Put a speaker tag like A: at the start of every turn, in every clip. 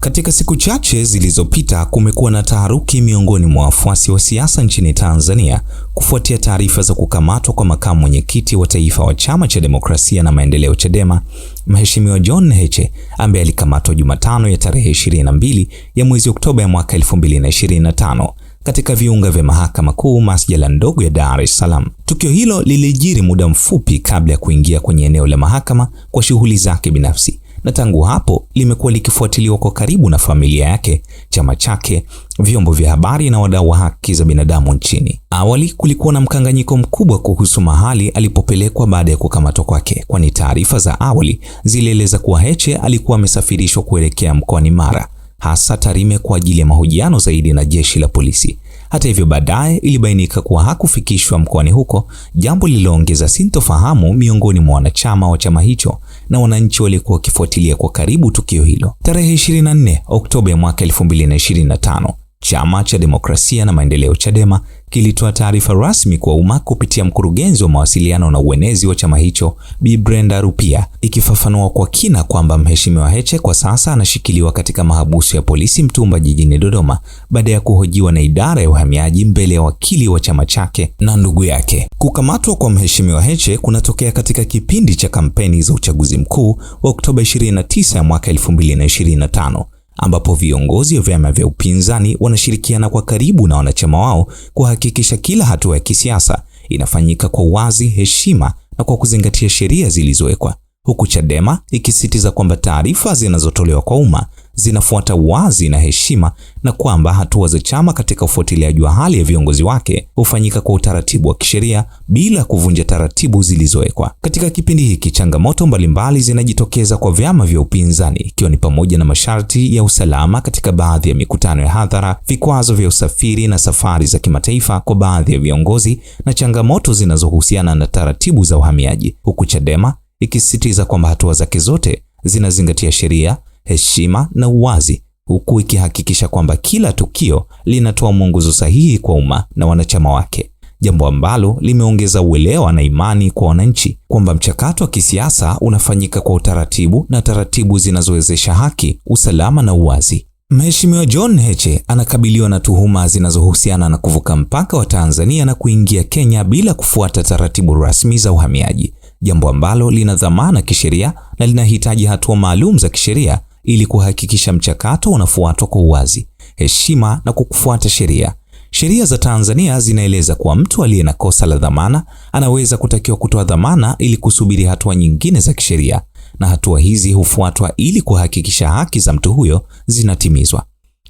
A: Katika siku chache zilizopita kumekuwa na taharuki miongoni mwa wafuasi wa siasa nchini Tanzania kufuatia taarifa za kukamatwa kwa makamu mwenyekiti wa taifa wa Chama cha Demokrasia na Maendeleo Chadema, Mheshimiwa John Heche ambaye alikamatwa Jumatano ya tarehe 22 ya mwezi Oktoba ya mwaka 2025 katika viunga vya Mahakama Kuu, masjala ndogo ya Dar es Salaam. Tukio hilo lilijiri muda mfupi kabla ya kuingia kwenye eneo la mahakama kwa shughuli zake binafsi na tangu hapo limekuwa likifuatiliwa kwa karibu na familia yake, chama chake, vyombo vya habari na wadau wa haki za binadamu nchini. Awali kulikuwa na mkanganyiko mkubwa kuhusu mahali alipopelekwa baada ya kukamatwa kwake, kwani taarifa za awali zilieleza kuwa Heche alikuwa amesafirishwa kuelekea mkoani Mara, hasa Tarime kwa ajili ya mahojiano zaidi na jeshi la polisi. Hata hivyo, baadaye ilibainika kuwa hakufikishwa mkoani huko, jambo lililoongeza sintofahamu miongoni mwa wanachama wa chama hicho na wananchi walikuwa wakifuatilia kwa karibu tukio hilo. Tarehe 24 Oktoba mwaka 2025, Chama cha Demokrasia na Maendeleo Chadema kilitoa taarifa rasmi kwa umma kupitia mkurugenzi wa mawasiliano na uenezi wa chama hicho Bi Brenda Rupia, ikifafanua kwa kina kwamba Mheshimiwa Heche kwa sasa anashikiliwa katika mahabusu ya polisi Mtumba jijini Dodoma baada ya kuhojiwa na idara ya uhamiaji mbele ya wakili wa chama chake na ndugu yake. Kukamatwa kwa Mheshimiwa Heche kunatokea katika kipindi cha kampeni za uchaguzi mkuu wa Oktoba 29 mwaka 2025 ambapo viongozi wa vyama vya upinzani wanashirikiana kwa karibu na wanachama wao kuhakikisha kila hatua ya kisiasa inafanyika kwa wazi, heshima na kwa kuzingatia sheria zilizowekwa, huku Chadema ikisisitiza kwamba taarifa zinazotolewa kwa umma zinafuata wazi na heshima na kwamba hatua za chama katika ufuatiliaji wa hali ya viongozi wake hufanyika kwa utaratibu wa kisheria bila kuvunja taratibu zilizowekwa. Katika kipindi hiki, changamoto mbalimbali zinajitokeza kwa vyama vya upinzani, ikiwa ni pamoja na masharti ya usalama katika baadhi ya mikutano ya hadhara, vikwazo vya usafiri na safari za kimataifa kwa baadhi ya viongozi na changamoto zinazohusiana na taratibu za uhamiaji, huku Chadema ikisisitiza kwamba hatua zake zote zinazingatia sheria heshima na uwazi, huku ikihakikisha kwamba kila tukio linatoa mwongozo sahihi kwa umma na wanachama wake, jambo ambalo limeongeza uelewa na imani kwa wananchi kwamba mchakato wa kisiasa unafanyika kwa utaratibu na taratibu zinazowezesha haki, usalama na uwazi. Mheshimiwa John Heche anakabiliwa na tuhuma zinazohusiana na kuvuka mpaka wa Tanzania na kuingia Kenya bila kufuata taratibu rasmi za uhamiaji, jambo ambalo lina dhamana kisheria na linahitaji hatua maalum za kisheria ili kuhakikisha mchakato unafuatwa kwa uwazi, heshima na kukufuata sheria. Sheria za Tanzania zinaeleza kuwa mtu aliye na kosa la dhamana anaweza kutakiwa kutoa dhamana ili kusubiri hatua nyingine za kisheria, na hatua hizi hufuatwa ili kuhakikisha haki za mtu huyo zinatimizwa.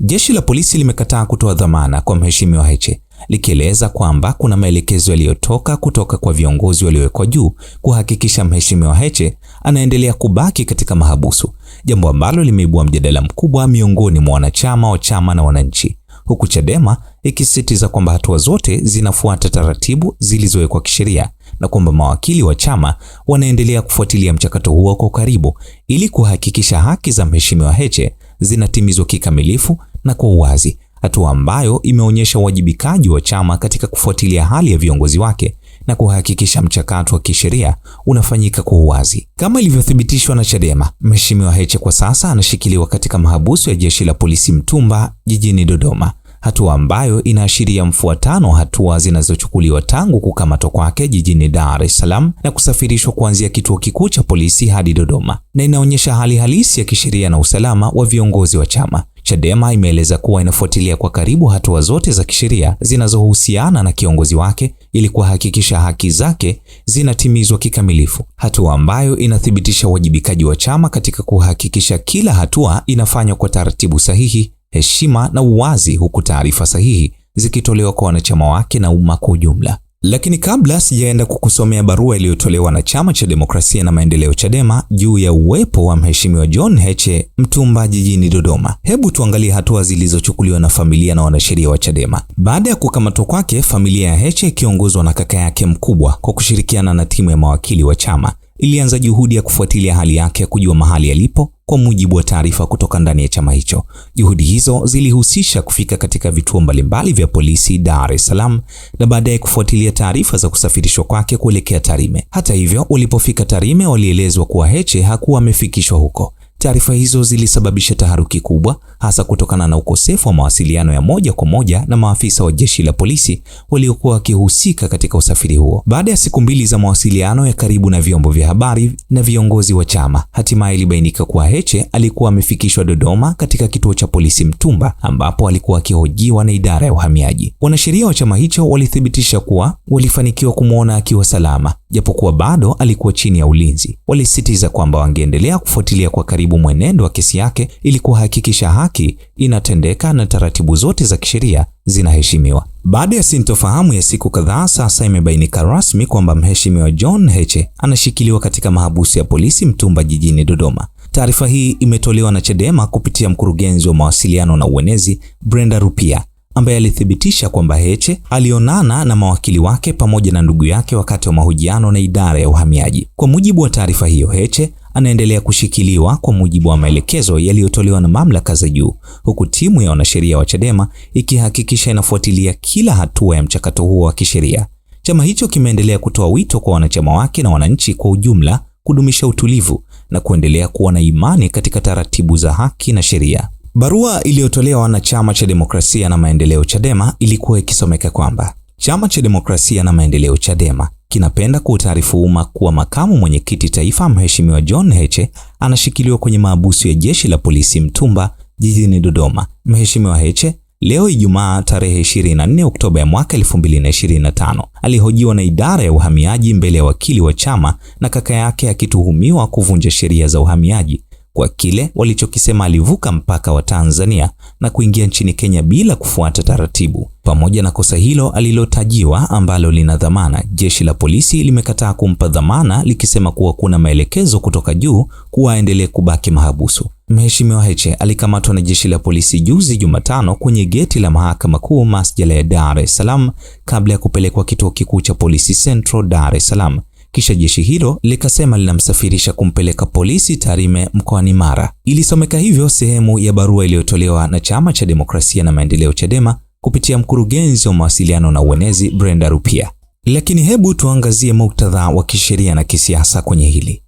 A: Jeshi la polisi limekataa kutoa dhamana kwa Mheshimiwa Heche likieleza kwamba kuna maelekezo yaliyotoka kutoka kwa viongozi waliowekwa juu kuhakikisha Mheshimiwa Heche anaendelea kubaki katika mahabusu, jambo ambalo limeibua mjadala mkubwa miongoni mwa wanachama wa chama na wananchi, huku Chadema ikisisitiza kwamba hatua zote zinafuata taratibu zilizowekwa kisheria na kwamba mawakili wa chama wanaendelea kufuatilia mchakato huo kwa karibu ili kuhakikisha haki za Mheshimiwa Heche zinatimizwa kikamilifu na kwa uwazi hatua ambayo imeonyesha uwajibikaji wa chama katika kufuatilia hali ya viongozi wake na kuhakikisha mchakato wa kisheria unafanyika kwa uwazi. Kama ilivyothibitishwa na Chadema, Mheshimiwa Heche kwa sasa anashikiliwa katika mahabusu ya Jeshi la Polisi Mtumba jijini Dodoma, hatua ambayo inaashiria mfuatano wa hatua zinazochukuliwa tangu kukamatwa kwake jijini Dar es Salaam na kusafirishwa kuanzia kituo kikuu cha polisi hadi Dodoma, na inaonyesha hali halisi ya kisheria na usalama wa viongozi wa chama. Chadema imeeleza kuwa inafuatilia kwa karibu hatua zote za kisheria zinazohusiana na kiongozi wake ili kuhakikisha haki zake zinatimizwa kikamilifu, hatua ambayo inathibitisha uwajibikaji wa chama katika kuhakikisha kila hatua inafanywa kwa taratibu sahihi, heshima na uwazi, huku taarifa sahihi zikitolewa kwa wanachama wake na umma kwa ujumla. Lakini kabla sijaenda kukusomea barua iliyotolewa na Chama cha Demokrasia na Maendeleo Chadema juu ya uwepo wa Mheshimiwa John Heche Mtumba jijini Dodoma, hebu tuangalie hatua zilizochukuliwa na familia na wanasheria wa Chadema baada ya kukamatwa kwake. Familia ya Heche ikiongozwa na kaka yake mkubwa kwa kushirikiana na timu ya mawakili wa chama ilianza juhudi ya kufuatilia hali yake, kujua mahali yalipo, kwa mujibu wa taarifa kutoka ndani ya chama hicho. Juhudi hizo zilihusisha kufika katika vituo mbalimbali vya polisi Dar es Salaam na baadaye kufuatilia taarifa za kusafirishwa kwake kuelekea Tarime. Hata hivyo, walipofika Tarime, walielezwa kuwa Heche hakuwa amefikishwa huko. Taarifa hizo zilisababisha taharuki kubwa, hasa kutokana na ukosefu wa mawasiliano ya moja kwa moja na maafisa wa jeshi la polisi waliokuwa wakihusika katika usafiri huo. Baada ya siku mbili za mawasiliano ya karibu na vyombo vya habari na viongozi wa chama, hatimaye ilibainika kuwa Heche alikuwa amefikishwa Dodoma katika kituo cha polisi Mtumba, ambapo alikuwa akihojiwa na idara ya uhamiaji. Wanasheria wa chama hicho walithibitisha kuwa walifanikiwa kumwona akiwa salama, japokuwa bado alikuwa chini ya ulinzi. Walisitiza kwamba wangeendelea kufuatilia kwa karibu kuratibu mwenendo wa kesi yake ili kuhakikisha haki inatendeka na taratibu zote za kisheria zinaheshimiwa. Baada ya sintofahamu ya siku kadhaa, sasa imebainika rasmi kwamba mheshimiwa John Heche anashikiliwa katika mahabusu ya polisi Mtumba jijini Dodoma. Taarifa hii imetolewa na Chadema kupitia mkurugenzi wa mawasiliano na uenezi Brenda Rupia ambaye alithibitisha kwamba Heche alionana na mawakili wake pamoja na ndugu yake wakati wa mahojiano na idara ya uhamiaji. Kwa mujibu wa taarifa hiyo, Heche anaendelea kushikiliwa kwa mujibu wa maelekezo yaliyotolewa na mamlaka za juu, huku timu ya wanasheria wa Chadema ikihakikisha inafuatilia kila hatua ya mchakato huo wa kisheria. Chama hicho kimeendelea kutoa wito kwa wanachama wake na wananchi kwa ujumla kudumisha utulivu na kuendelea kuwa na imani katika taratibu za haki na sheria. Barua iliyotolewa na chama cha demokrasia na maendeleo Chadema ilikuwa ikisomeka kwamba chama cha demokrasia na maendeleo Chadema kinapenda kuutaarifu umma kuwa makamu mwenyekiti taifa Mheshimiwa John Heche anashikiliwa kwenye maabusu ya jeshi la polisi Mtumba jijini Dodoma. Mheshimiwa Heche leo Ijumaa tarehe 24 Oktoba ya mwaka 2025 alihojiwa na idara ya uhamiaji mbele ya wakili wa chama na kaka yake akituhumiwa kuvunja sheria za uhamiaji kwa kile walichokisema alivuka mpaka wa Tanzania na kuingia nchini Kenya bila kufuata taratibu. Pamoja na kosa hilo alilotajiwa ambalo lina dhamana, jeshi la polisi limekataa kumpa dhamana likisema kuwa kuna maelekezo kutoka juu kuwa aendelee kubaki mahabusu. Mheshimiwa Heche alikamatwa na jeshi la polisi juzi Jumatano kwenye geti la mahakama kuu masjala ya Dar es Salaam kabla ya kupelekwa kituo kikuu cha polisi Central Dar es Salaam kisha jeshi hilo likasema linamsafirisha kumpeleka polisi Tarime mkoani Mara. Ilisomeka hivyo sehemu ya barua iliyotolewa na Chama cha Demokrasia na Maendeleo Chadema kupitia mkurugenzi wa mawasiliano na uenezi Brenda Rupia. Lakini hebu tuangazie muktadha wa kisheria na kisiasa kwenye hili.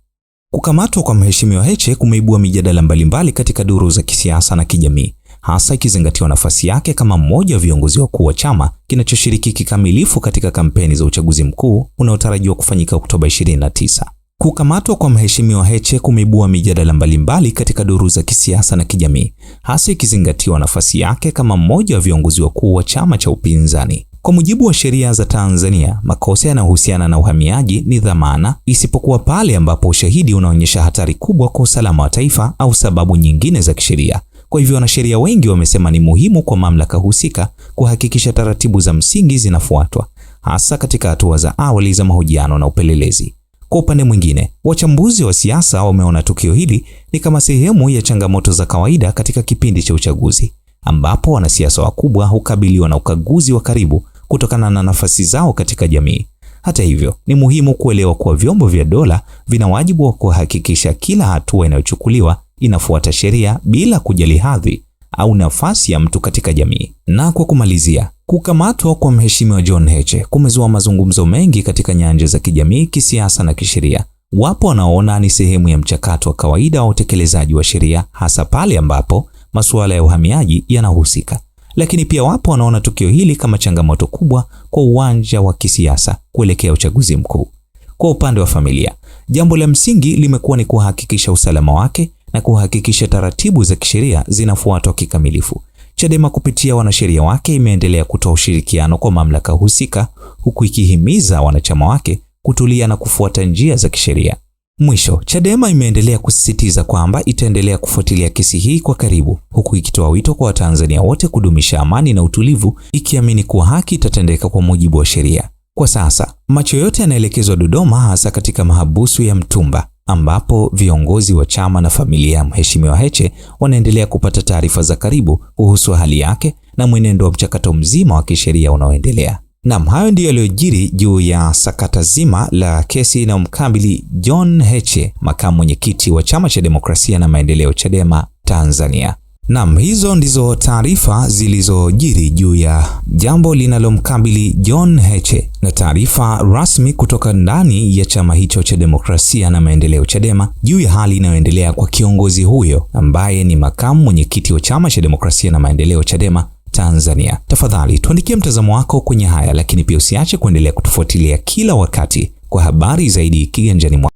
A: Kukamatwa kwa Mheshimiwa Heche kumeibua mijadala mbalimbali katika duru za kisiasa na kijamii hasa ikizingatiwa nafasi yake kama mmoja wa viongozi wakuu wa chama kinachoshiriki kikamilifu katika kampeni za uchaguzi mkuu unaotarajiwa kufanyika Oktoba 29. Kukamatwa kwa Mheshimiwa Heche kumeibua mijadala mbalimbali katika duru za kisiasa na kijamii, hasa ikizingatiwa nafasi yake kama mmoja wa viongozi wakuu wa chama cha upinzani. Kwa mujibu wa sheria za Tanzania, makosa yanayohusiana na uhamiaji ni dhamana, isipokuwa pale ambapo ushahidi unaonyesha hatari kubwa kwa usalama wa taifa au sababu nyingine za kisheria. Kwa hivyo wanasheria wengi wamesema ni muhimu kwa mamlaka husika kuhakikisha taratibu za msingi zinafuatwa, hasa katika hatua za awali za mahojiano na upelelezi. Kwa upande mwingine, wachambuzi wa siasa wameona tukio hili ni kama sehemu ya changamoto za kawaida katika kipindi cha uchaguzi, ambapo wanasiasa wakubwa hukabiliwa na ukaguzi wa karibu kutokana na nafasi zao katika jamii. Hata hivyo, ni muhimu kuelewa kuwa vyombo vya dola vina wajibu wa kuhakikisha kila hatua inayochukuliwa inafuata sheria bila kujali hadhi au nafasi ya mtu katika jamii. Na kwa kumalizia, kukamatwa kwa Mheshimiwa John Heche kumezua mazungumzo mengi katika nyanja za kijamii, kisiasa na kisheria. Wapo wanaona ni sehemu ya mchakato wa kawaida wa utekelezaji wa sheria, hasa pale ambapo masuala ya uhamiaji yanahusika, lakini pia wapo wanaona tukio hili kama changamoto kubwa kwa uwanja wa kisiasa kuelekea uchaguzi mkuu. Kwa upande wa familia, jambo la msingi limekuwa ni kuhakikisha usalama wake na kuhakikisha taratibu za kisheria zinafuatwa kikamilifu. Chadema kupitia wanasheria wake imeendelea kutoa ushirikiano kwa mamlaka husika huku ikihimiza wanachama wake kutulia na kufuata njia za kisheria. Mwisho, Chadema imeendelea kusisitiza kwamba itaendelea kufuatilia kesi hii kwa karibu huku ikitoa wito kwa Watanzania wote kudumisha amani na utulivu ikiamini kuwa haki itatendeka kwa mujibu wa sheria. Kwa sasa, macho yote yanaelekezwa Dodoma hasa katika mahabusu ya Mtumba ambapo viongozi wa chama na familia ya Mheshimiwa Heche wanaendelea kupata taarifa za karibu kuhusu hali yake na mwenendo wa mchakato mzima wa kisheria unaoendelea. Nam, hayo ndiyo yaliyojiri juu ya sakata zima la kesi inayomkabili John Heche, makamu mwenyekiti wa chama cha demokrasia na maendeleo, Chadema Tanzania. Nam, hizo ndizo taarifa zilizojiri juu ya jambo linalomkabili John Heche na taarifa rasmi kutoka ndani ya chama hicho cha demokrasia na maendeleo Chadema juu ya hali inayoendelea kwa kiongozi huyo ambaye ni makamu mwenyekiti wa chama cha demokrasia na maendeleo Chadema Tanzania. Tafadhali tuandikie mtazamo wako kwenye haya, lakini pia usiache kuendelea kutufuatilia kila wakati kwa habari zaidi kiganjani mwako.